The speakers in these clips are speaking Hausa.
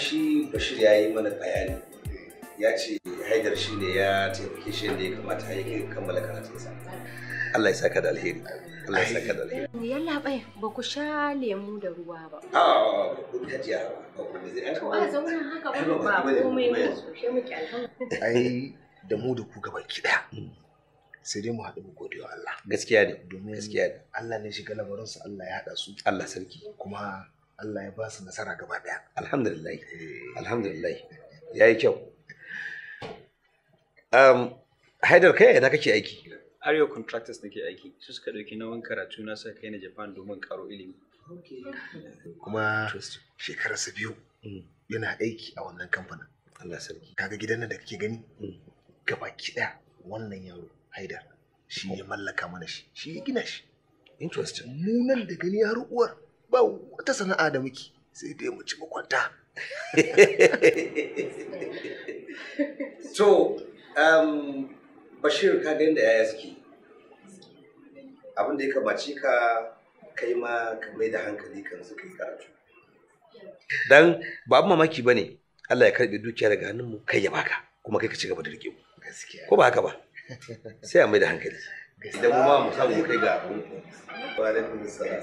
shi bashir ya yi mana bayani ya ce haidar shi ne ya taimake shi da ya kamata ya ke kammala karatunsa Allah ya saka da alheri Allah ya saka da alheri ya labai ba ku sha lemu da ruwa ba a ku ya ji ba ku zai to a zauna haka ba ba komai ba sosai muke alhamdulillah ai da mu da ku gaba ki daya sai dai mu haɗu mu gode wa Allah gaskiya ne domin gaskiya ne Allah ne shi lamarinsa Allah ya haɗa su Allah sarki kuma Allah ya ba su nasara gaba daya alhamdulillah eh. alhamdulillah yi kyau um, haidar kai ina kake aiki Arewa Contractors ke aiki su suka na wani karatu na sa kai na Japan domin karo ilimi kuma shekarar su biyu mm. yana aiki a wannan kamfanin Allah sarki kaga gidan nan da kake gani mm. gaba kiɗa wannan yaro haidar shi ya mallaka mana shi shi ya gina shi interesting mu da gani har uwar ba wata sana'a da muke sai dai mu ci mu kwanta so um, bashir ka ga yadda yaya suke abin da ya kamace ka kai ma ka mai da hankali kan su kai karatu dan ba abin mamaki bane Allah ya karbi dukiya daga hannun mu kai ya baka kuma kai ka ci gaba da rike mu ko ba haka ba sai a mai da hankali idan mu ma mu samu kai ga wa alaikum assalam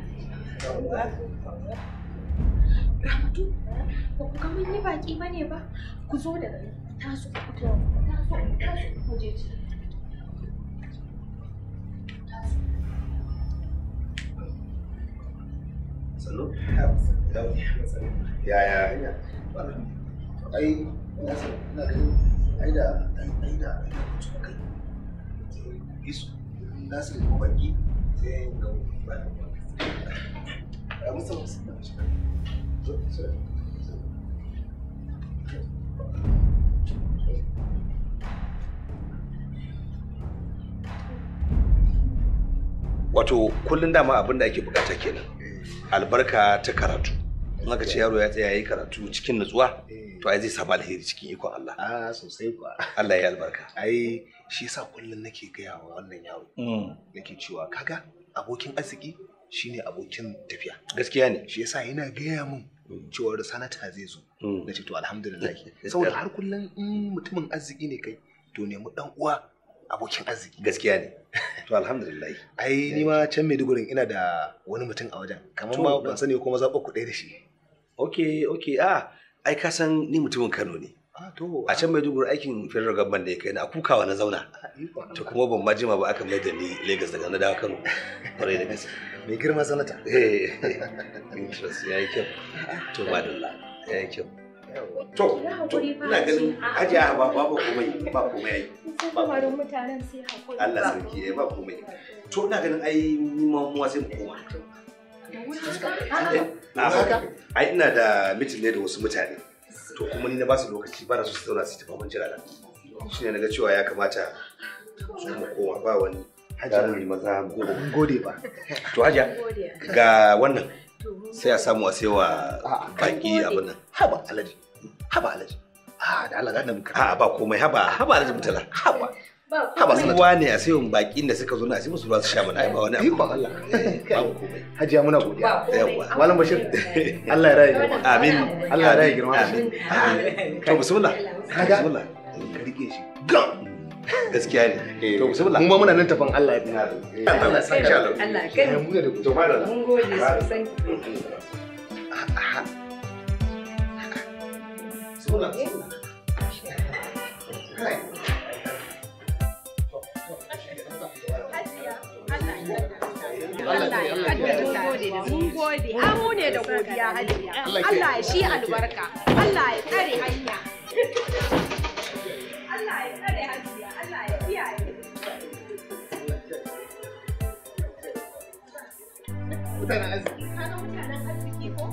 Ramatu, ba ku kamar ni baki ba ne ba, ku zo da gani, taso, taso, taso, ku je ci. Salo Ya ya ya. Ai, ina so, ina ganin, ai da, ai da, ai da, kuci kai. Isu, na sai baki, sai ga ba. wato kullum dama abin da ake bukata kenan albarka ta karatu in ga ce yaro ya tsaya yayi karatu cikin nutsuwa to ai zai samu alheri cikin ikon Allah a ah, sosai kuwa Allah ya albarka ai shi yasa kullum nake gaya wa wannan yaro mm. nake cewa kaga abokin arziki shine abokin tafiya gaskiya ne shi yasa yana gaya mun cewar sanata zai zo hmm. na ce to alhamdulillah saboda har kullum in mutumin arziki ne kai to nemi dan uwa abokin arziki gaskiya ne to alhamdulillah ai ni ma can Maiduguri ina da wani mutum a wajen kamar ma ban sani ko maza ku ɗaya da shi okay okay ah ai ka san ni mutumin Kano ne ah, a can Maiduguri aikin federal government ne kai na kukawa na zauna ah, to kuma ban ma jima ba aka mai da ni Lagos daga na dawo Kano kwarai da gaske mai girma sanata eh, eh, eh. interest ya yi kyau to ba dalla ya yi kyau to to ina ganin aji a ba ba komai ba komai ba komai mutanen sai hakuri Allah sarki ba komai to ina ganin ai mu ma mu sai mu koma na haka ai ina da mitin ne da wasu mutane to kuma ni na ba su lokaci ba na su zauna su tafi mun jira da shi ne na ga cewa ya kamata su mu koma ba wani jarumi maza goma gode ba to hajiya ga wannan sai a samu a saiwa ah, baki abin nan haba alaji haba alaji a ah, da Allah da muka a ah, ba komai haba haba alaji mutala haba haba sun ruwa ne a saiwa bakin da suka zo na sai musu ruwa su sha mana ba wani abu eh, ba Allah babu komai hajiya muna godiya yawa malam bashir Allah ya raye girma amin Allah ya raye girma amin to bismillah bismillah ka rike shi gam gaskiya ne eh. to bismillah mu ma muna nan tafan eh, Allah ya tsara Allah sai insha Allah Allah kai mu eh, da to fara mun gode sosai bismillah Mun ah, ne da godiya Allah shi albarka, Allah ya kare hanya. Allah ya tsare hajiya, Allah ya kiyaye. Mutanen arziki. Kana mutanen arziki ko?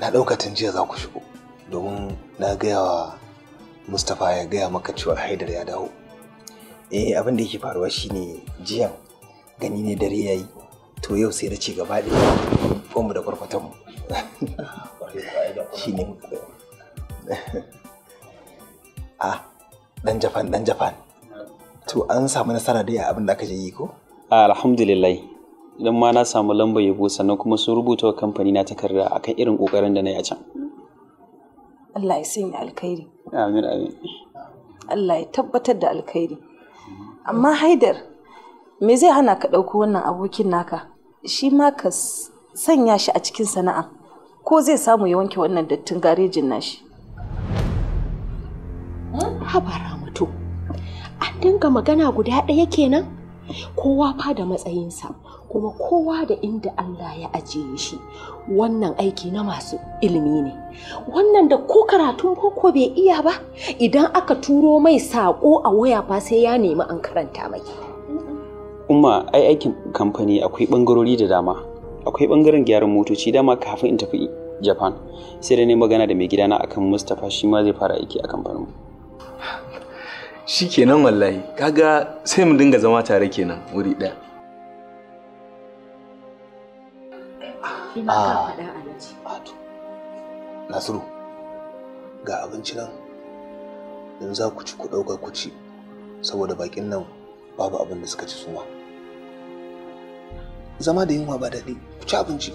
na ɗauka tun jiya za ku shigo domin na gaya wa mustapha ya gaya maka cewa haidar ya dawo eh abin da yake faruwa shine jiya gani ne dare yayi to yau sai da ce gaba da mu da kwarfatanmu mu shine a dan japan dan japan to an samu nasara dai a abin da aka je yi ko alhamdulillah idan ma na samu lambar yabo sannan kuma sun rubuta wa kamfani na takarda akan irin kokarin da na yi a can Allah ya sanya alkhairi amin amin Allah ya tabbatar da alkhairi amma haidar me zai hana ka ɗauko wannan abokin naka shi ma ka sanya shi a cikin sana'a ko zai samu ya wanke wannan dattin garejin nashi habara mutu an dinga magana guda ɗaya kenan kowa fa da matsayinsa kuma kowa da inda Allah ya ajiye shi wannan aiki na masu ilimi ne wannan da ko karatun boko bai iya ba idan aka turo mai sako a waya fa sai ya nemi an karanta mai umma ai aikin kamfani akwai bangarori da dama akwai bangaren gyaran motoci dama kafin in tafi japan sai da ne magana da mai gidana akan mustapha shi ma zai fara aiki a kamfanin shikenan wallahi kaga sai mu dinga zama tare kenan wuri ɗaya Shi ma ah. ka faɗa alaji. Ato. Ah, Nasiru, ga abinci nan in za ku ci ku ɗauka ku ci saboda bakin nan babu abin da suka ci suma. Zama da yunwa ba daɗi, ku ci abinci.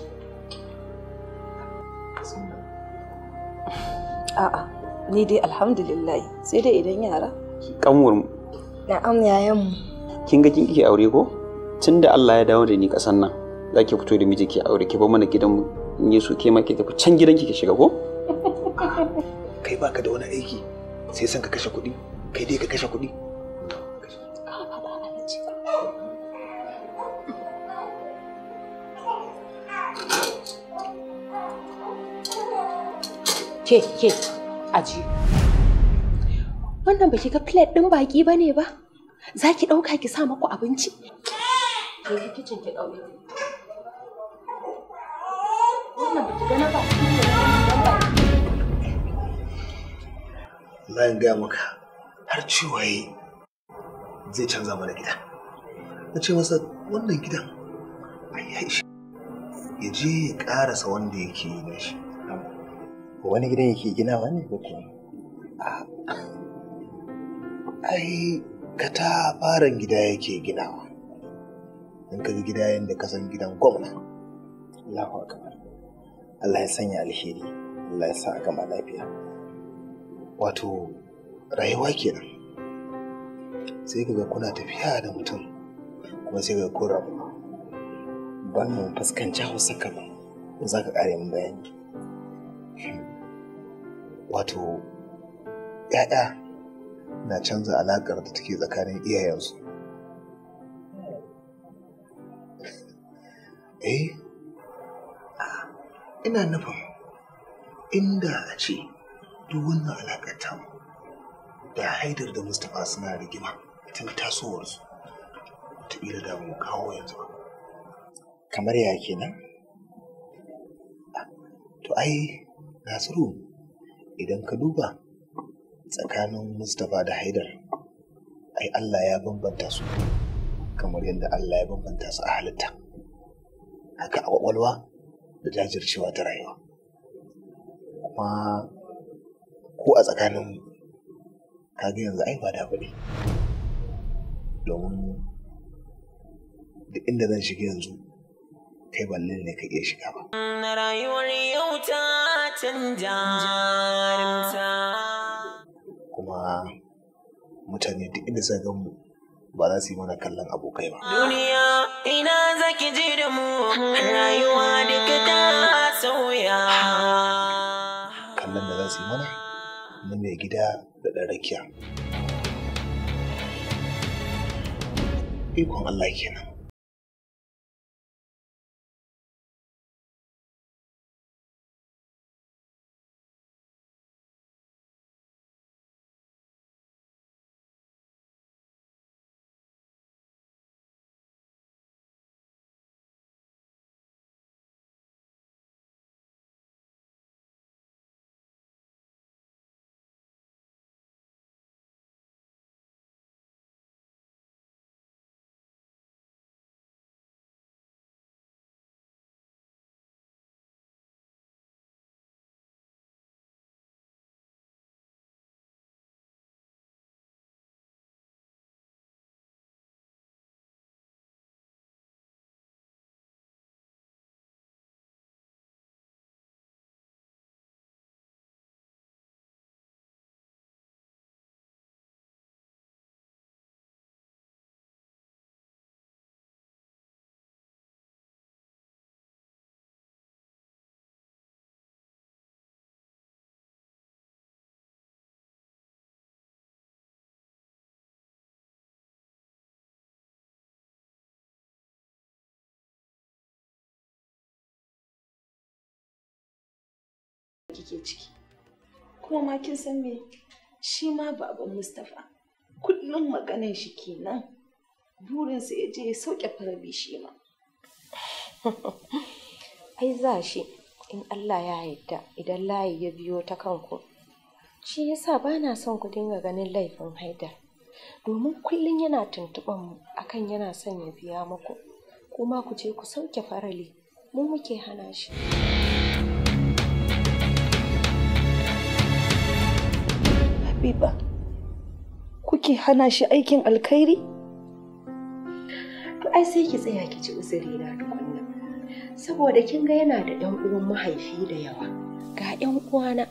A'a, ni dai alhamdulillah sai dai idan yara. Kanwar Na'am yayan mu. Kin ga kin kike aure ko? Tunda Allah ya dawo da ni ƙasan nan. za ki fito da miji ki aure ki bar mana gidan in yi su ke ma tafi can gidanki ki shiga ko kai baka da wani aiki sai san ka kashe kuɗi kai dai ka kashe kuɗi ke ke aji wannan baki ga plate din baki bane ba za ki ɗauka ki sa maku abinci? ke kicin ki ɗauke. Zan gaya maka har ciwaye zai canza mana gida. Na ce masa wannan gidan ai ya je ya ƙarasa wanda yake yi na shi. Wani gidan yake gina wani ko ka ta farin gida yake ginawa. In ka gida yadda ka san gidan gwamna. Allahu akbar. Allah ya sanya alheri Allah ya sa a gama lafiya wato rayuwa kenan sai kaga kuna tafiya da mutum kuma sai ga kura ba mu fuskanci hausa ka ba za ka kare min bayani wato ‘ya'ya na canza alaƙar da take tsakanin iyayensu eh ina nufin inda a ce duk wannan alaƙar da haidar da mustapha suna rigima tun tasowarsu wataƙila da mu kawo yanzu ba kamar ya kenan to ai nasiru idan ka duba tsakanin mustapha da haidar ai allah ya bambanta su kamar yadda allah ya bambanta su a halitta haka a ƙwaƙwalwa da jajircewa ta rayuwa kuma ko a tsakanin kaga yanzu ai ba da bane domin duk inda zan shiga yanzu kai balle ne ka iya shiga ba. Rayuwar yau ta canja Kuma mutane duk inda suka gan mu ba za su yi mana kallon abokai ba. Duniya ina zaki ji da mu rayuwa duka ta sauya. Kallon da za su yi mana na mai gida da ɗan rakiya. Ikon Allah kenan. kike ciki kuma ma kin san me shi ma baban Mustapha kullum maganan shi kenan burinsa ya je ya sauke farabi shi ma ai za shi in Allah ya yarda idan layi ya biyo ta kanku shi yasa ba na son ku dinga ganin laifin haidar domin kullum yana tuntuɓan mu akan yana son ya biya muku kuma ku je ku sauke farali mu muke hana shi. ba kuke hana shi aikin alkhairi? To ai sai ki tsaya ki ci uzuri na tukunna. Saboda kin ga yana da ɗan uwan mahaifi da yawa. Ga ƴan uwana,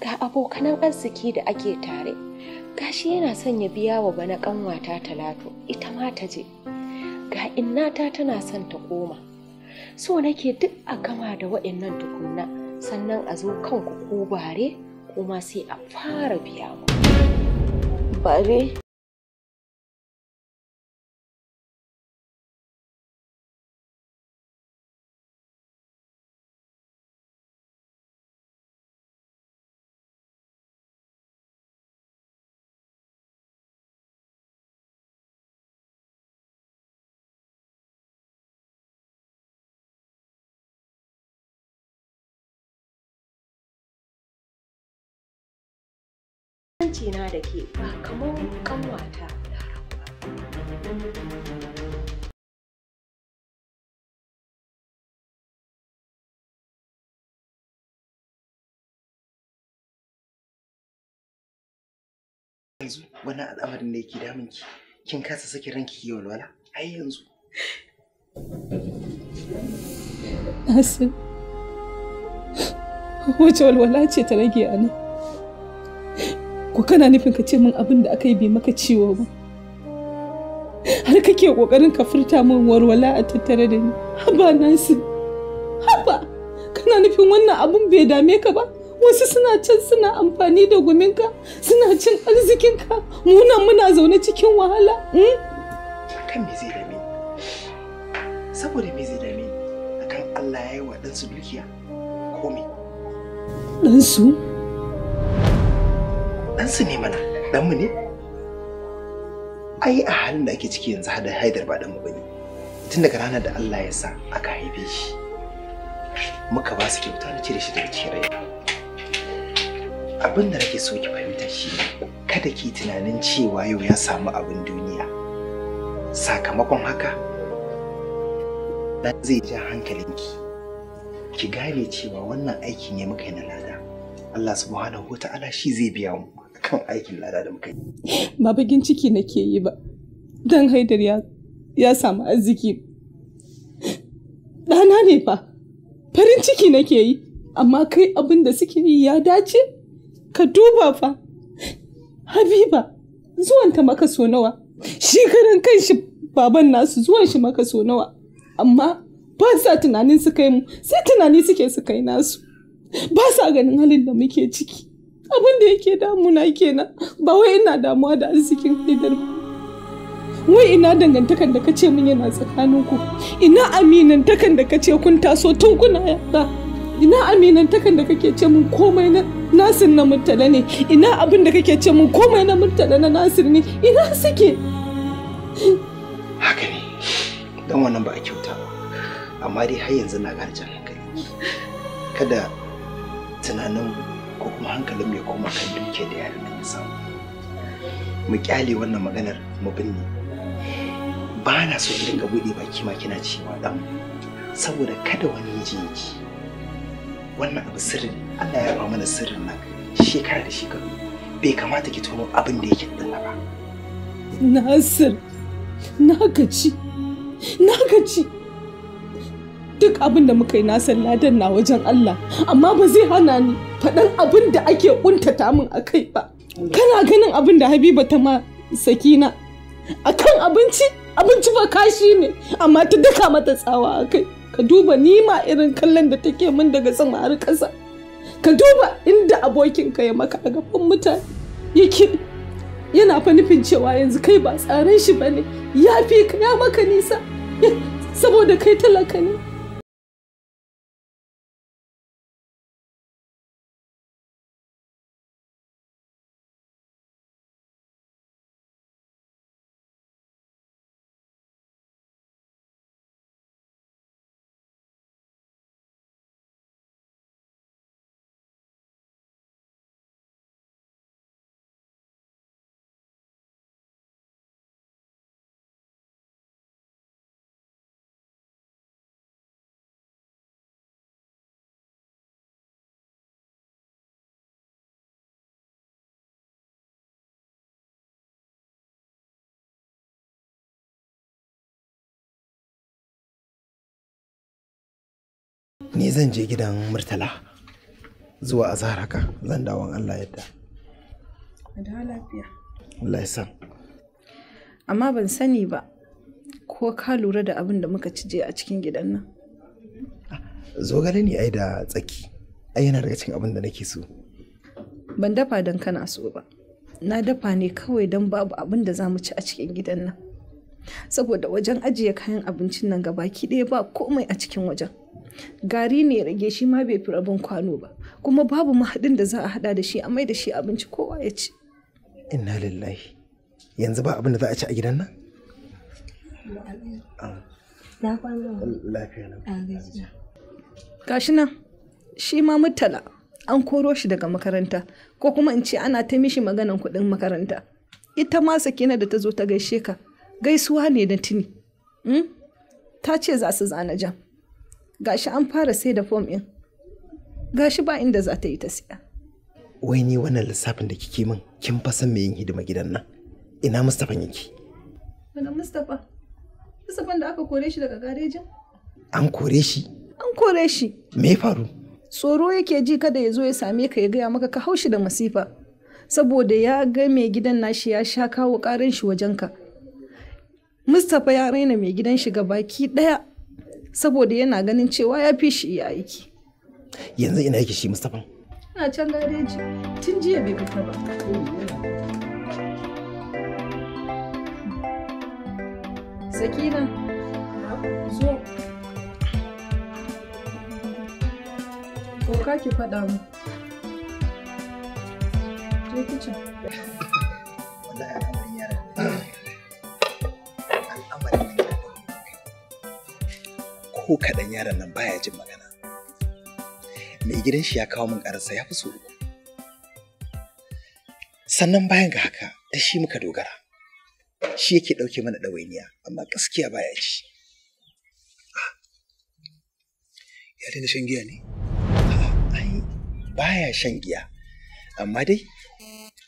ga abokanan arziki da ake tare. Gashi yana son ya biya wa bana ƙanwata Talatu, ita ma ta je. Ga innata tana son ta koma. So nake duk a gama da waɗannan tukunna, sannan a zo kanku ko bare kuma sai a fara biya mu. Bare kusanci na da ke ba kamar kanwata yanzu wani al'amarin da yake damun ki kin kasa saki ranki ki walwala ai yanzu asin wace walwala ce ta rage a nan? ko kana nufin ka ce min abin da aka yi bai maka ciwo ba har kake kokarin ka furta min warwala a tattare da ni haba nasu haba kana nufin wannan abin bai dame ka ba wasu suna can suna amfani da guminka suna cin arzikinka muna muna zaune cikin wahala hmm? kan me zai dame saboda me zai dame akan Allah ya yi wa ɗansu dukiya ko ɗansu ɗansu ne mana ɗanmu ne ai a halin da ake ciki yanzu hada haidar ba ɗanmu ba ne tun daga ranar da Allah ya sa aka haife shi muka ba su kyauta na cire shi daga cikin rai abin da nake so ki fahimta shi kada ki tunanin cewa yau ya samu abin duniya sakamakon haka dan zai ja hankalinki ki gane cewa wannan aikin ne muka yi na lada Allah subhanahu wa ta'ala shi zai biya mu kan aikin lada da muka yi. Ba bakin ciki nake yi ba, don haidar ya samu arziki. Ɗana ne fa, farin ciki nake yi, amma kai abin da suke yi ya dace? Ka duba fa, Habiba, zuwanta maka so nawa, shi kan shi baban nasu zuwan shi maka so nawa, amma ba sa tunanin su kai mu, sai tunani suke su kai nasu. Ba sa ganin halin da muke ciki. abin da yake damuna kenan ba wai ina damuwa da arzikin haidar ba wai ina dangantakan da kace min yana tsakaninku ina aminantakan da kace kun taso tun kuna yara ina aminantakan da kake ce min komai na nasir na murtala ne ina abin da kake ce min komai na murtala na nasir ne ina suke haka ne dan wannan ba a kyauta ba amma dai har yanzu na garjan hankali kada tunanin ko kuma hankalin mai koma kan duke da yaran nan ya samu mu kyale wannan maganar mu binne ba na so ki dinga bude baki ma kina cewa dan saboda kada wani ya ji ji wannan abu sirri Allah ya ba mana sirrin nan shekara da shekaru bai kamata ki tono abin da yake dinna ba Nasir na kaci na kaci duk abin da muka yi na ladan na wajen Allah amma ba zai hana ni faɗan abin da ake ƙuntata min a kai ba kana ganin abin da habiba ta ma sakina a kan abinci abinci ba kashi ne amma ta daka mata tsawa a kai ka duba ni ma irin kallon da take min daga sama har ƙasa ka duba inda abokinka ya maka a gaban mutane yake yana fa nufin cewa yanzu kai ba tsarin shi bane ya fi ya maka nisa saboda kai talaka ne ni zan je gidan murtala zuwa azhar haka zan dawon Allah yadda da Allah ya san amma ban sani ba ko ka lura da abin da muka cije a cikin gidan nan ah, zogale ne ai da tsaki ai yana daga cikin abin da nake so ban dafa don kana so ba na dafa ne kawai don babu abin da za mu ci a cikin gidan nan saboda wajen ajiye kayan abincin nan gabaki ɗaya ba komai a cikin wajen gari ne rage shi ma bai fi rabin kwano ba kuma babu mahaɗin da za a haɗa da shi a mai da shi abinci kowa ya ci inna lillahi yanzu ba abin da za a ci a gidan nan ah. ah, gashi nan shi ma mutala an koro shi daga makaranta ko kuma in ce ana ta mishi maganan kuɗin makaranta ita ma sakina da ta zo ta gaishe ka gaisuwa ne na tuni hmm? ta ce za su zana jam gashi an fara sai da fom ɗin gashi ba inda za ta yi ta siya wai ni wannan lissafin da kike min kin fa san me yin hidima gidan nan ina mustapha yake wannan mustapha mustapha da aka kore shi daga garejin an kore shi an kore shi me faru tsoro yake ji kada ya zo ya same ka ya gaya maka ka haushi da masifa saboda ya ga mai gidan nashi ya sha kawo karin shi wajenka mustapha ya raina mai gidan shi ga baki daya saboda yana ganin cewa ya fi shi iya aiki yanzu ina yake shi mustapha ina can gareji tun jiya bai fita ba sakina zo ko ka ki faɗa mu je kicin Wallahi ko kaɗan yaron nan baya jin magana mai gidan shi ya kawo min ƙararsa ya fi so sannan bayan ga haka da shi muka dogara shi yake ɗauke mana ɗawainiya amma gaskiya baya ci ya daina shan giya ne ai baya shan giya amma dai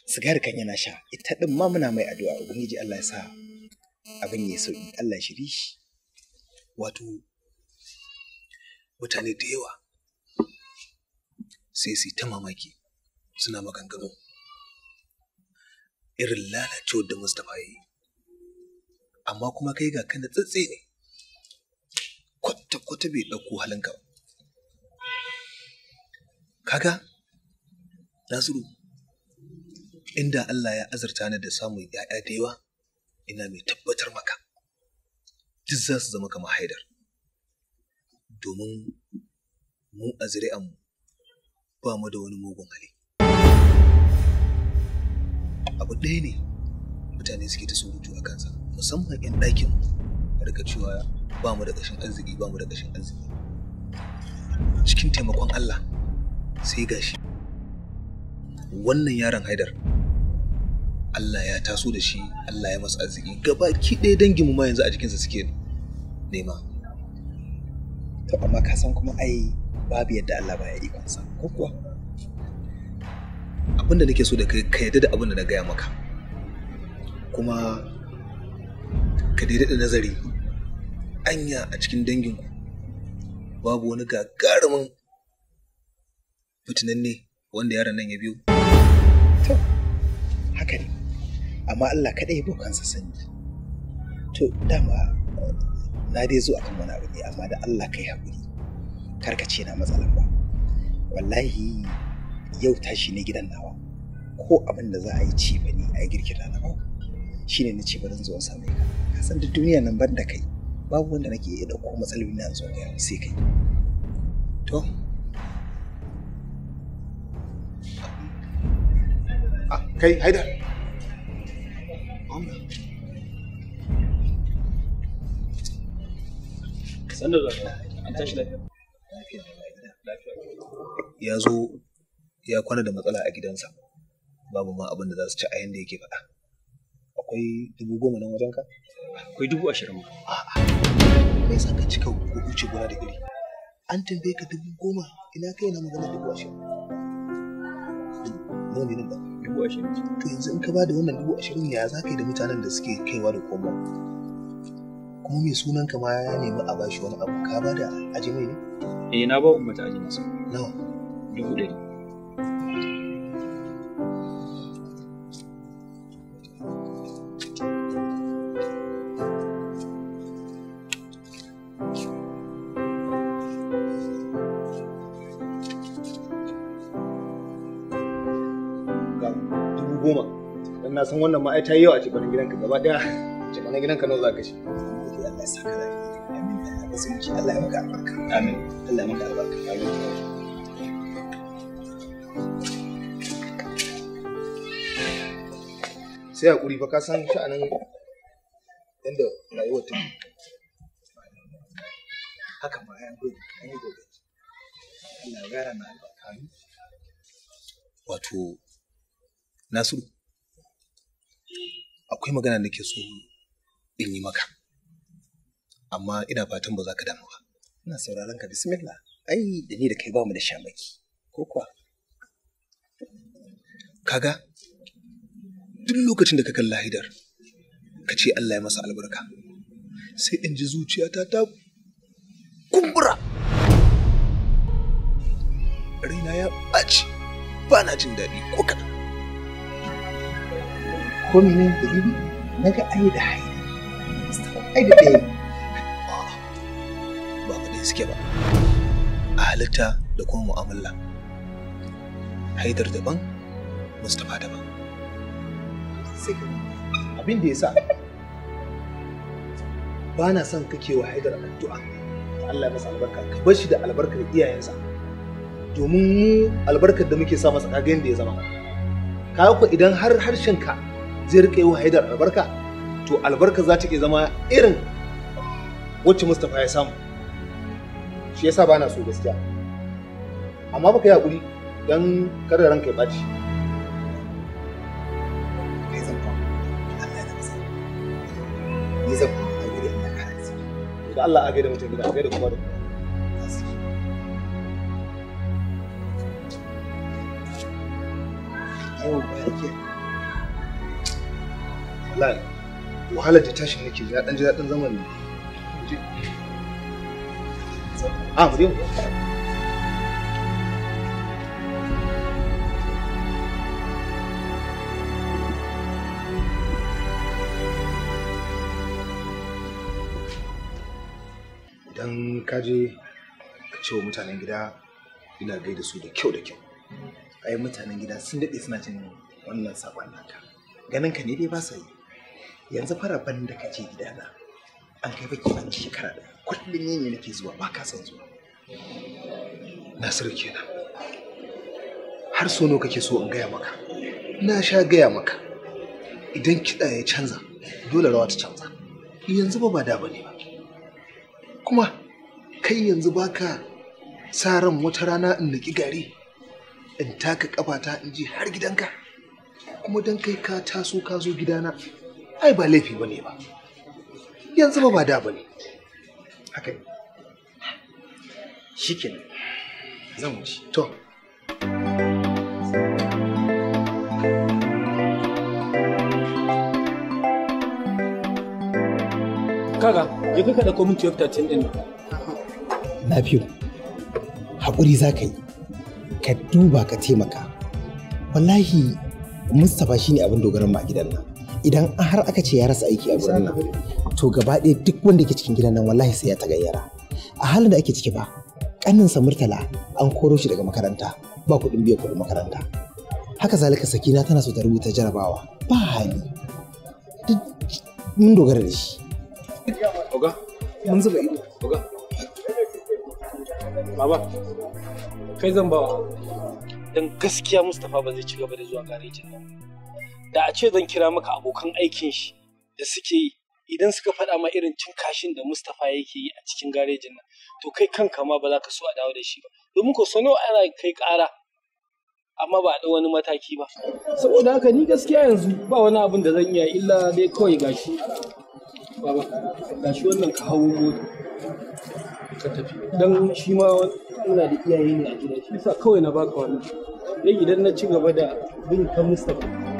sigari kan yana sha ita ɗin ma muna mai addu'a ubangiji Allah ya sa abin ya sauki Allah ya shiri shi wato mutane da yawa sai su ta mamaki suna maganganu irin lalacewar da Mustapha ya yi amma kuma kai ga kana tsatse ne kwata-kwata bai ɗauko halinka ba kaga nasiru inda Allah ya azurta ni da samun ‘ya'ya da yawa ina mai tabbatar maka duk za su zama kamar haidar domin mu a zuri'anmu ba mu da wani mugun hali abu ɗaya ne mutane suke ta surutu a kansa musamman 'yan ɗakin daga cewa ba mu da ƙashin arziki ba mu da ƙashin arziki cikin taimakon Allah sai gashi wannan yaron haidar Allah ya taso da shi Allah ya masa arziki gaba ki ɗaya danginmu ma yanzu a jikinsa suke nema to amma ka san kuma ai babu yadda Allah baya ikon sa ko kuwa abin da nake so da kai ka yadda da abin da na gaya maka kuma ka daidai nazari anya a cikin danginku babu wani gagarumin ne wanda yaron nan ya biyo to haka ne amma Allah kaɗai ya bokansa sanyi. to dama na dai zo akan wani abu ne amma da Allah kai hakuri, kar ka ce na matsalan ba wallahi yau tashi ne gidan nawa ko abin da za a yi ci ba ni a girki da nawa ba ne na ce bari zo in same ka ka san da duniya nan ban da kai babu wanda nake iya ɗauko matsaloli na zo ga sai kai to ah, kai haida Ya zo ya kwana da matsala a gidansa. Babu ma abin da za su ci a yanda yake faɗa. Akwai dubu goma nan wajen ka? Akwai dubu ashirin ma. A'a. mai san ka cika ko wuce gona da iri. An tambaye ka dubu goma ina ka yana magana dubu ashirin. Nawa ne nan ba? Dubu ashirin. To yanzu in ka ba da wannan dubu ashirin ya za ka yi da mutanen da suke kaiwa da komawa? ko mai sunan ka ma ya nemi a bashi wani abu ka bada aji mai ne? eh na ba ta aji masa nawa dubu ɗari dubu goma don na san wannan ma ai ta yi yawa a cikin gidanka gaba ɗaya wani gidan nawa za ka shi Allah ya saka lafiya sai hakuri fa ka san sha'anin inda rayuwar ta haka ba ya gode an yi gobe Allah gara na albarka wato nasiru akwai magana ke so in yi maka amma ina fatan ba za ka damu ba ina sauraron ka bismillah ai da ni da kai bamu da shamaki ko kuwa kaga duk lokacin da ka kalla haidar ka ce Allah ya masa albarka sai in ji zuciyata ta kumbura raina ya ɓaci ba na jin daɗi ko kaɗan ko menene na ga ai da haidar ai da ɗaya ba ku ɗaya suke ba a halitta da kuma mu'amala haidar daban mustapha daban abin da ya sa ba na son kake wa haidar addu'a da Allah masa albarka ka bar shi da albarkar iyayensa domin mu albarkar da muke sa masa kaga yadda ya zama kaga ko idan har harshenka zai rika yi wa haidar albarka to albarka za ta iya zama irin wacce Mustapha ya samu shi yasa ba na so gaskiya amma baka yi hakuri don kada ranka ya ɓaci ni a gaida kuma da kuma da da a da kuma da kuma da kuma da kuma da kuma da wahalar da tashin nake ya dan ji daɗin zaman ne a ah, mu dan ka je ka ce wa mutanen gida ina da su da kyau da kyau ai mutanen gida sun daɗe suna cin wannan saƙon naka ganin ka ne dai ba sa yi yanzu farafan da ka je gidana an kai baki ban shekara da kullum ne nake zuwa ba ka san zuwa nasiru kenan har so nawa kake so in gaya maka na sha gaya maka idan kiɗa ya canza dole rawa ta canza eh, yanzu ba ba da ba kuma kai yanzu baka sa ran wata rana in niki gari in taka kafata in je har gidanka kuma don kai ka taso ka zo gidana ai ba laifi bane ba yanzu ba ba da bane haka ne shikenan zan wuce to kaga ya kaka da of 12 din na fiyo haƙuri za ka yi ka duba ka taimaka wallahi mustapha shine abin dogaran ma gidan nan idan har aka ce ya rasa aiki a gurin nan to gaba ɗaya duk wanda ke cikin gidan nan wallahi sai ya ta gayyara. a halin da ake ciki ba ƙaninsa murtala an koro shi daga makaranta ba kuɗin biyan kuɗin makaranta haka zalika sakina tana so ta rubuta jarabawa ba hali mun dogara da shi oga mun zuba ido oga baba kai zan bawa dan gaskiya mustapha ba zai ci gaba da zuwa garejin nan da a ce zan kira maka abokan aikin shi da suke yi idan suka faɗa ma irin cin kashin da Mustapha yake yi a cikin garejin nan to kai kanka ma ba za ka so a dawo da shi ba domin ko sano ana kai ƙara amma ba da wani mataki ba saboda haka ni gaskiya yanzu ba wani abin da zan iya illa dai kawai gashi baba gashi wannan ka hawo mota ka tafi dan shi ma ina da iyaye ne a gida shi kawai na baka wannan dai idan na ci gaba da bin ka Mustapha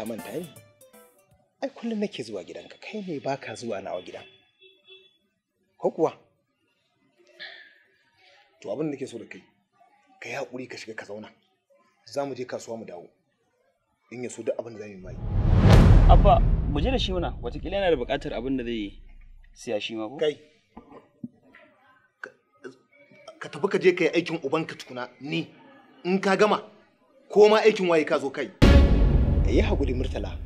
ka manta ne ai kullum nake zuwa gidanka kai ne baka zuwa nawa gidan ko kuwa to abin da nake so da kai ka yi haƙuri ka shiga ka zauna za mu je kasuwa mu dawo in ya so duk abin da za mu yi mai abba mu je da shi mana watakila yana da buƙatar abin da zai siya shi ma ko kai ka tafi ka je ka yi aikin ubanka tukuna ni in ka gama ko ma aikin waye ka zo kai yi haƙuri murtala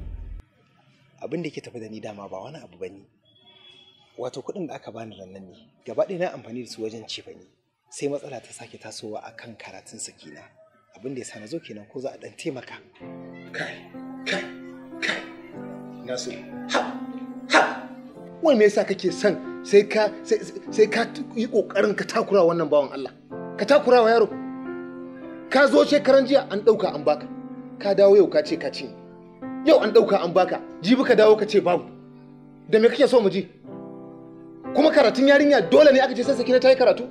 abin da ke tafi da ni dama ba wani abu ba ne, wato kuɗin da aka bani rannan ne gaba ɗaya na amfani da su wajen ci bane sai matsala ta sake tasowa akan karatun sakina abin da ya sa na zo kenan ko za a ɗan taimaka kai kai kai ha ha wai me yasa kake son sai ka sai ka yi kokarin ka takura wannan bawan Allah ka takura wa yaro ka zo shekaran jiya an ɗauka an baka ka dawo yau ka ce ka ce yau an ɗauka an baka jibi ka dawo ka ce babu da me kake so mu ji kuma karatun yarinya dole ne aka ce sai sakina ta yi karatu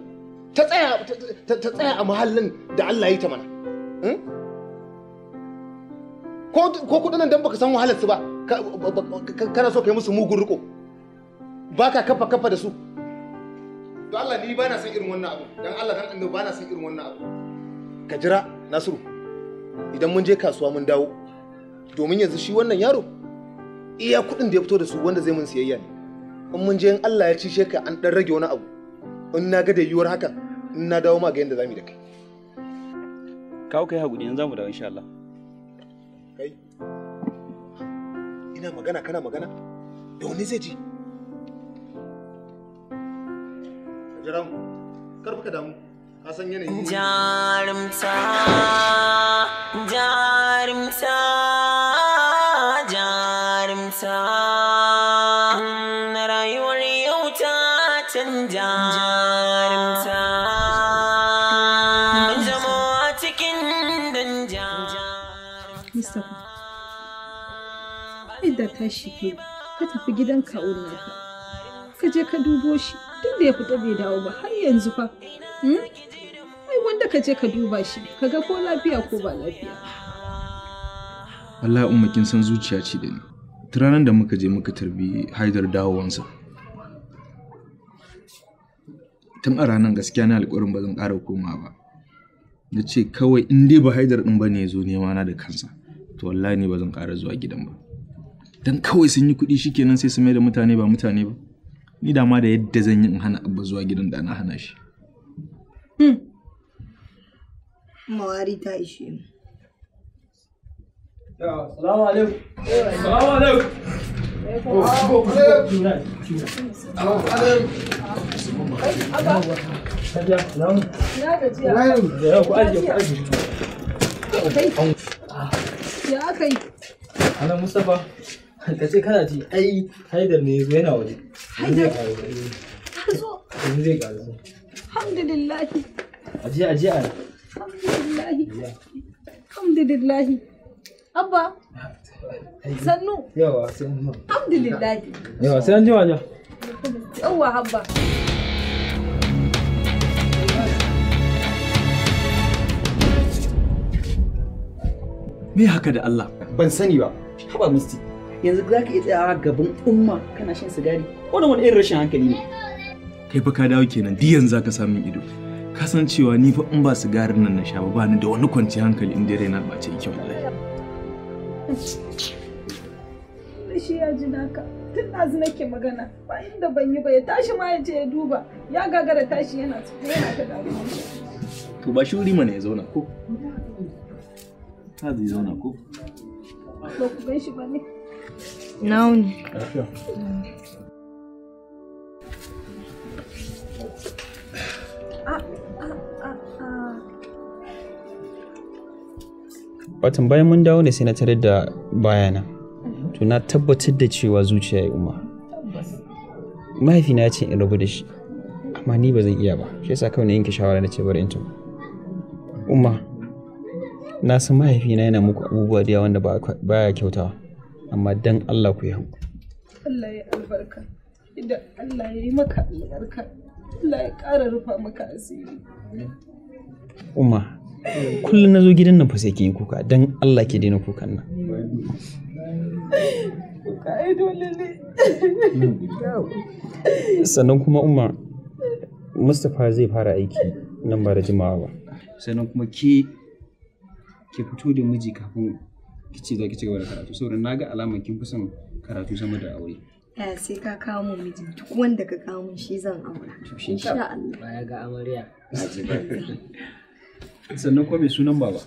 ta tsaya ta tsaya a mahallin da Allah ya yi ta mana hmm? ko ko kudin nan dan baka san wahalar su ba kana so kai musu mugun riko baka kafa kafa da su to Allah ni ba na san irin wannan abu dan Allah dan annabi ba na san irin wannan abu ka jira nasiru idan mun je kasuwa mun dawo domin yanzu shi wannan yaro iya kuɗin da ya fito da su wanda zai mun siyayya ne in mun je in Allah ya ci ka an dan rage wani abu in na ga da yiwuwar haka in na dawo ma ga yadda zamu da kai kawo kai hakuri yanzu zamu dawo insha Allah kai ina magana kana magana da wani zai ji Jaram, karfuka damu. jarumta jarumta jarumta na rayuwar yau ta canja jarumta a cikin danja Mustapha, ta ka shige ka tafi gidan ka'un ka je ka dubo shi duk da ya fita bai dawo ba har yanzu fa. Hmm? ka je ka duba shi ka ga ko lafiya ko ba lafiya Allah umma kin san zuciya ce da ni turanan da muka je muka tarbi haidar dawowansa tun a ranar gaskiya na alƙawarin ba zan ƙara koma ba na ce kawai in dai ba haidar ɗin ba ne ya zo nema na da kansa to wallahi ne ba zan ƙara zuwa gidan ba dan kawai sun yi kuɗi shikenan sai su mai da mutane ba mutane ba ni da ma da yadda zan yi in hana abba zuwa gidan da ana hana shi hmm. mawari ta ishe mu Salamu alaikum. Salamu alaikum. alhamdulillahi abba sannu yawa sannu alhamdulillahi yawa sai an ji wajen yawa abba me haka da Allah ban sani ba haba misti yanzu za ka iya tsayawa gaban umma kana shan sigari wannan wani irin rashin hankali ne kai fa ka dawo kenan diyan za ka samun ido ka cewa ni fa in ba sigarin nan na sha ba ba ni da wani kwanci hankali in dai ba ce yake wallahi shi ya ji naka tun ɗazu nake magana ba inda ban yi ba ya tashi ma ya je ya duba ya gagara tashi yana yana ta damuwa to ba shi wuri mana ya zauna ko ta zai zauna ko ba ku gan shi ba ne nawa ne lafiya watan bayan mun dawo ne sai na tarar da bayana to na tabbatar da cewa zuciya ya umma mahaifina ya ce in rabu da shi amma ni ba zan iya ba shi yasa kawai na yanke shawara na ce bari in tafi umma na san mahaifina yana muku abubuwa da wanda ba ya kyautawa amma dan Allah ku yi hanku Allah ya albarka idan Allah ya yi maka albarka Allah ya ƙara rufa maka asiri umma kullum na zo gidan nan fa sai ke yi kuka don Allah ke daina kukan nan sannan kuma Umar, mustapha zai fara aiki nan ba da jimawa ba sannan kuma ke ke fito da miji kafin kici za ki ci gaba da karatu saboda na ga alamar kin fi son karatu sama da aure eh sai ka kawo mu miji duk wanda ka kawo shi zan aura insha Allah ya ga amarya sannan kuma mai sunan baba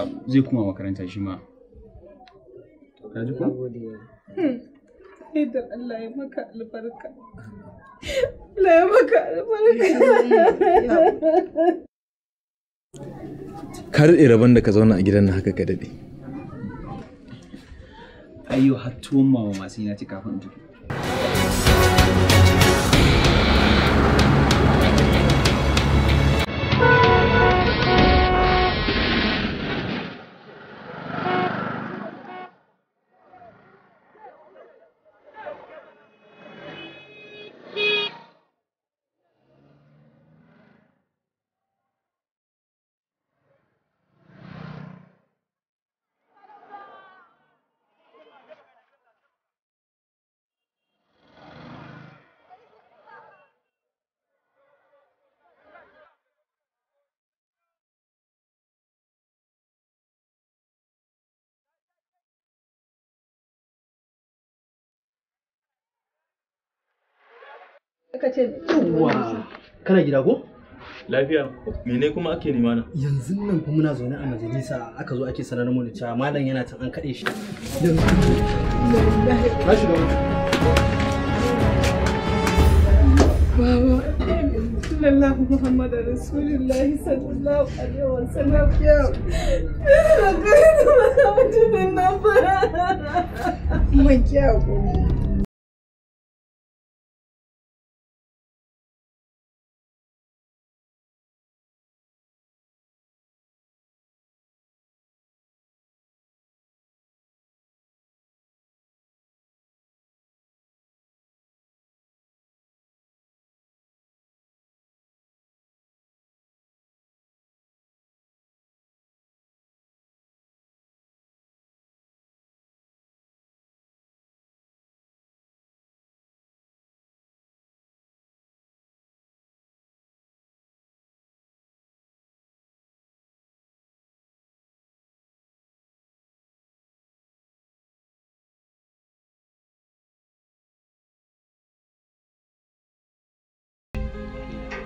ah, zai kuma makaranta shi ma ka ji ko idan Allah ya maka albarka Allah ya maka albarka ka daɗe rabon da ka zauna a gidan na haka ka daɗe ayyo har tuwon mama masu yana ci kafin tafi ka ce yawwa kana gida ko lafiya me ne kuma ake nema na yanzu nan kuma muna zaune a majalisa aka zo ake sanar mana cewa malam yana can an kade shi yanzu na Baba, sallallahu Muhammadu Rasulullahi sallallahu alaihi wa sallam Ya yau. Ina ganin da mutum na fara. Mai kyau.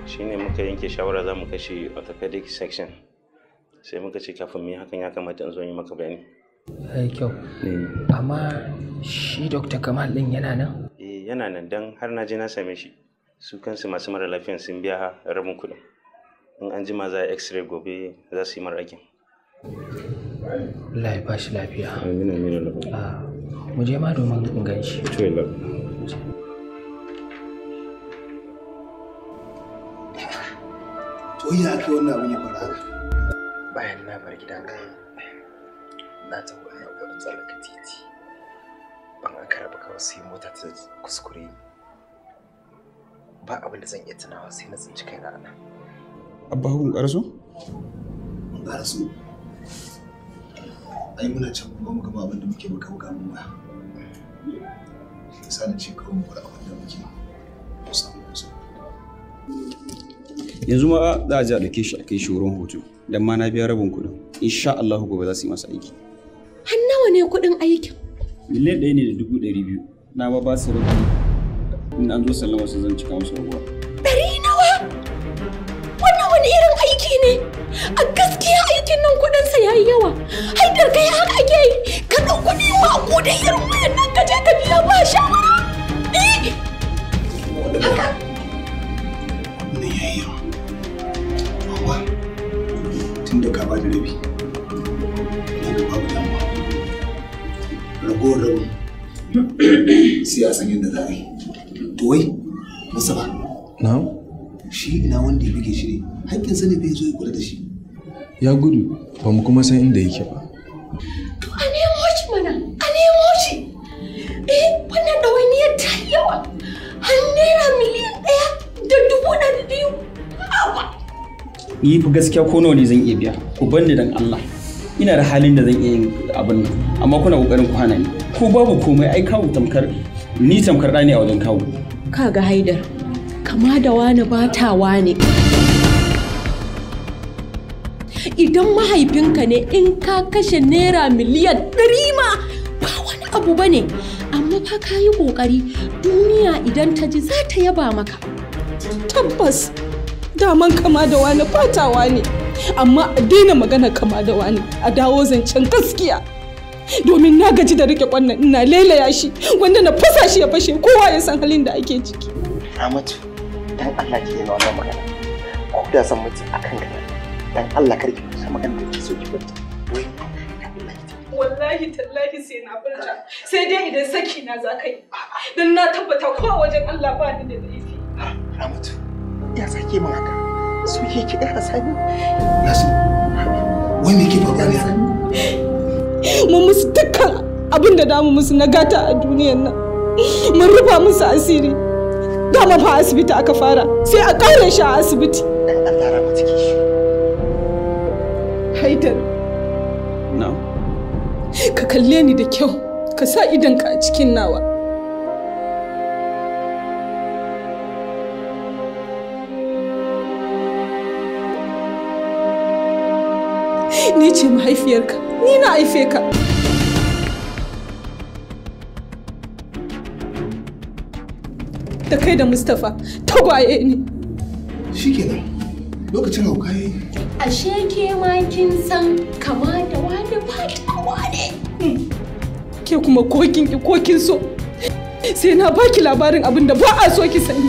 Shi ne muka yanke shawara za mu kashe orthopedic section sai muka ce kafin mu yi hakan ya kamata in zo yi maka bayani yayi kyau eh. amma shi dr kamal din yana nan eh, yana nan dan har na je na same shi su kansu masu mara lafiyan sun biya rabin kuɗin in an jima za a x-ray gobe za su yi mara aikin lafiya shi lafiya. Ah, mu je ma domin gan shi. to ya aka wannan abin ya fara haka bayan na bar gidan kan na ta wani gudun tsallaka titi ban aka raba kawai sai mota ta kuskure ni ba abin da zan iya tunawa sai na tsinci kai a nan abba hukun karasu karasu ai muna can ba mu gama abin da muke baka buga mun ba sai na ce kawai mu kula abin da muke mu samu kusa yanzu ma za a je a ɗauke shi a kai shi wurin hoto don ma na biya rabin kuɗin insha Allah gobe za su yi masa aiki har nawa ne kuɗin aikin miliyan ɗaya ne da dubu ɗari biyu na ba ba su rabu in an zo sallama su zan cika musu rabuwa ɗari nawa wannan wani irin aiki ne a gaskiya aikin nan kuɗinsa ya yi yawa haidar kai haka ake yi ka ɗau kuɗi a da irin wayannan ka je ka biya ba shawara eh! haka da ka da rabi na ga babu damuwa ragowar rabu sai a san yadda za a yi to wai ba na shi ina wanda ya bige shi ne haƙƙinsa ne bai zo ya kula da shi ya gudu ba mu kuma san inda yake ba yi fi gaskiya ko nawa ne zan iya biya ku ni dan Allah ina da halin da zan iya yin abin nan amma kuna kokarin ku hana ni ko babu komai ai kawo tamkar ni tamkar ɗani a wajen kawo kaga haidar kama da wani bata wani idan mahaifinka ne in ka kashe naira miliyan ɗari ma ba wani abu ba ne amma ba ka yi ƙoƙari duniya idan ta ji za ta yaba maka tabbas daman kama da wani fatawa ne amma a daina magana kama da wani a dawo zancen gaskiya domin na gaji da rike kwannan ina lelaya shi wanda na fasa shi ya fashe kowa ya san halin da ake ciki Ramatu dan Allah ki yana wannan magana ko da san mutu akan gana dan Allah karki kusa magana da ke so ki fita wallahi tallahi sai na furta sai dai idan saki na za ka yi dan na tabbata ko a wajen Allah ba ni da laifi Ramatu ya sake min haka so yake ƙara sani yasin wai me ke faruwa ne mun musu dukkan abin da damu musu na gata a duniyar nan mun rufa musu asiri dama fa asibiti aka fara sai a ƙara shi a asibiti dan Allah rama haidar na ka kalle ni da kyau ka sa idanka a cikin nawa ni ce mahaifiyarka ni na haife ka da kai da mustapha tagwaye ne shikenan lokacin hauka yi ashe ke ma kin san kama da wani fatawa ne ke kuma kokin ki kokin so sai na baki labarin abin da ba a so ki sani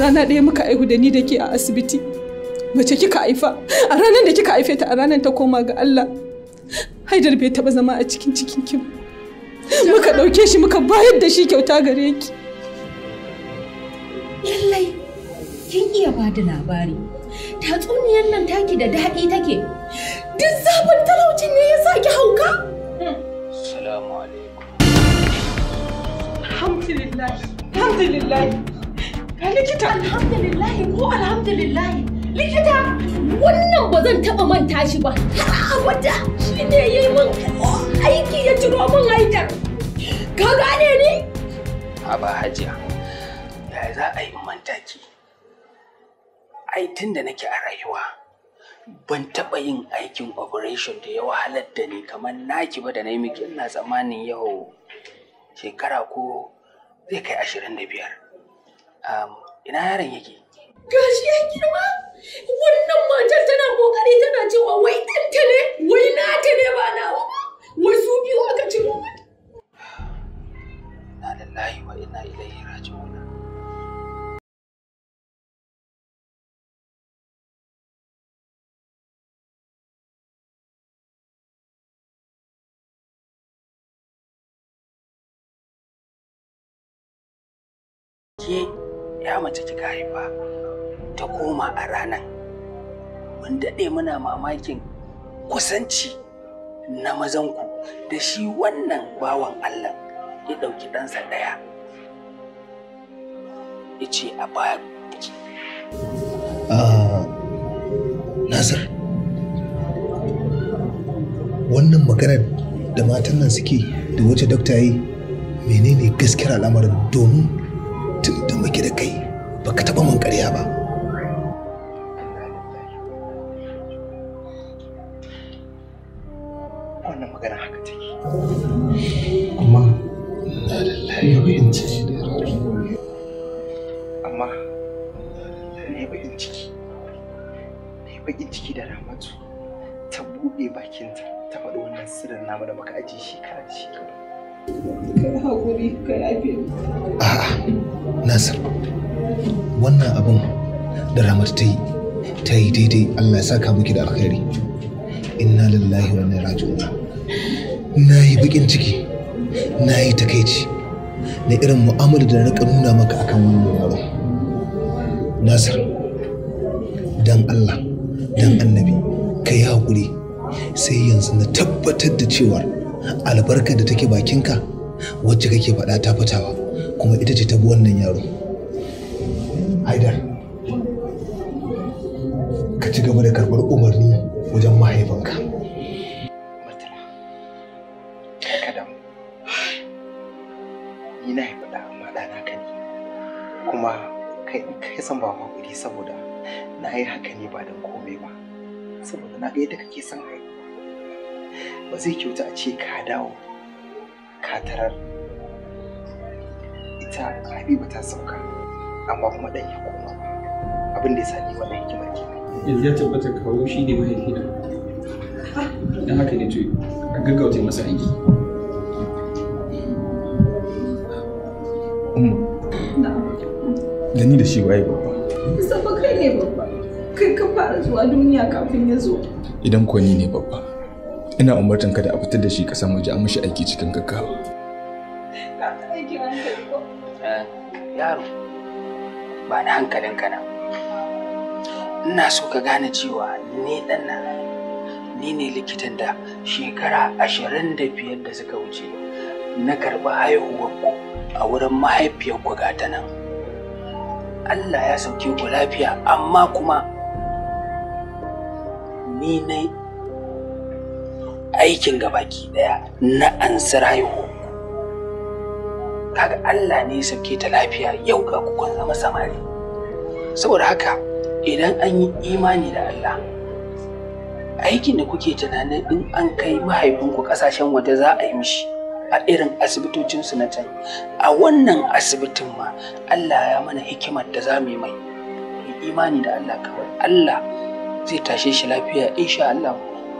rana ɗaya muka aihu da ni da ke a asibiti mace kika haifa a ranar da kika haife ta a ranar ta koma ga Allah haidar bai taba zama a cikin cikin ki muka dauke shi muka bayar da shi kyauta gare ki lallai kin iya ba da labari tatsuniyar nan taki da daɗi take duk zafin talaucin ne ya saki hauka assalamu alaikum alhamdulillah alhamdulillah likita alhamdulillah ko alhamdulillah likita wannan ba zan taba manta shi ba har abada shi ne ya yi min aiki ya ciro min haidar ka gane ni a ba hajiya yaya za a yi manta ki ai tun da nake a rayuwa ban taɓa yin aikin operation da ya wahalar da ni kamar naki ba da na yi miki ina tsammanin yau shekara ko zai kai ashirin da biyar ina yaron yake gashi ya girma wannan matar tana kokari tana cewa wai ɗanta ne wai nata ne ba nawa ba wai su biyu aka ci mata inna lillahi wa inna ilaihi raji'un ke ya mace kika haifa ta koma a ranan mun daɗe muna mamakin kusanci na mazanku da shi wannan bawan Allah ya ɗauki ɗansa ɗaya ya ce a baya ah, Nasir wannan maganar da matan nan suke da wace dokta yi menene gaskiyar al'amarin domin tun da muke da kai baka taɓa mun karya ba A'a, Nasir, wannan abin da Ramat ta yi, ta yi daidai Allah ya saka miki da alkhairi. Inna lillahi wa inna raji'un. Na yi bakin ciki, na yi takaici, na irin mu'amala da rika nuna maka akan wannan yaro. Nasir, dan Allah, dan annabi, ka yi haƙuri, sai yanzu na tabbatar da cewar albarka da take bakinka wacce kake faɗa ta fitawa kuma ita ce ta bi wannan yaro haidar ka ci gaba da karɓar umarni wajen mahaifinka ina haifi da amma ɗana ka ne kuma kai san ba kuɗi saboda na yi haka ne ba don komai ba saboda na ga yadda kake son haihuwa ba zai kyauta a ce ka dawo katarar ita habiba ta sauka amma kuma ɗan ya koma abin da ya sani wannan hikimar ke yanzu ya tabbata kawo shi ne mahaifina dan haka ne to a gaggauta masa aiki umma da ni da shi waye babba musamman kai ne babba kai ka fara zuwa duniya kafin ya zo idan ko ni ne babba ina umartan ka da a fitar da shi kasan waje a mishi aiki cikin gaggawa yaro ba da hankalin ka na ina so ka gane cewa ni dan nan ni ne likitan da shekara ashirin da biyar da suka wuce na karɓi haihuwar ku a wurin mahaifiyar ku gata nan Allah ya sauke ku lafiya amma kuma ni na aikin gabaki daya na ansar haihu kaga Allah ne ya sauke ta lafiya yau ga kun zama samari saboda haka idan an yi imani da Allah aikin da kuke tunanin in an kai mahaifinku kasashen waje za a yi mishi a irin asibitocinsu na can a wannan asibitin ma Allah ya mana hikimar da za mu yi mai imani da Allah kawai Allah zai tashe shi lafiya insha Allah